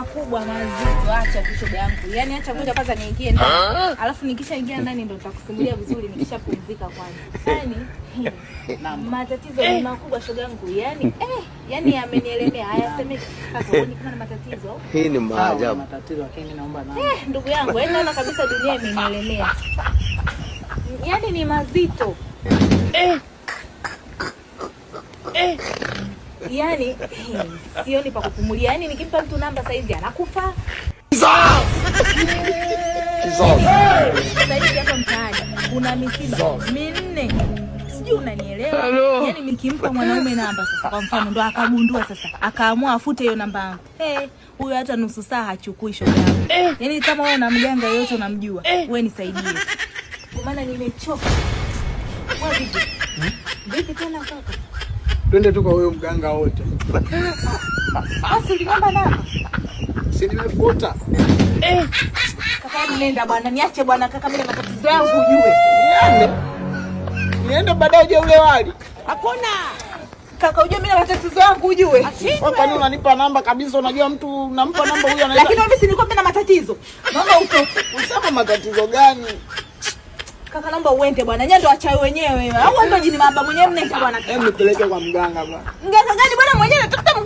makubwa mazito, acha kushoga yangu. Yaani acha ngoja kwanza niingie ndani. Alafu nikishaingia ndani ndo nitakusimulia vizuri nikishapumzika kwanza. Yaani matatizo ni eh. makubwa shoga yangu. Yaani eh, yaani yamenielemea. Hayasemeki. Sasa uone kama matatizo. Hii ni maajabu. Matatizo lakini naomba na. Eh, ndugu yangu, yaani naona kabisa dunia imenielemea. Yaani ni mazito. Eh. Eh yani sioni pa kupumulia. Yani nikimpa mtu namba sasa hivi anakufa sasa hivi hapa mtaani kuna misiba minne, sijui unanielewa? Yani nikimpa mwanaume namba sasa, kwa mfano, ndo akagundua sasa, akaamua afute hiyo namba yangu hey. Huyo hata nusu saa hachukui shoga yangu. Yaani kama wewe na mganga yote unamjua, wewe nisaidie. Kwa maana nimechoka. Vipi tena kaka? Twende tu kwa huyo mganga wote. Basi ah, uliomba nani? Si nimefuta. Eh. Kaka nenda bwana, niache bwana kaka mimi na matatizo yangu ujue. Niende. Niende baadaye je ule wali. Hakuna. Kaka ujue mimi na matatizo yangu ujue. Kwa nini unanipa namba kabisa? Unajua mtu nampa namba huyo anaenda. Lakini mimi si nilikuwa na matatizo. Mama uko. usema matatizo gani? Kaka naomba uende bwana. Nyie ndo wachawi wenyewe. Au ndo jini mamba mwenyewe mnenta bwana. Hebu nipeleke kwa mganga bwana. Mganga gani bwana mwenyewe? Tafuta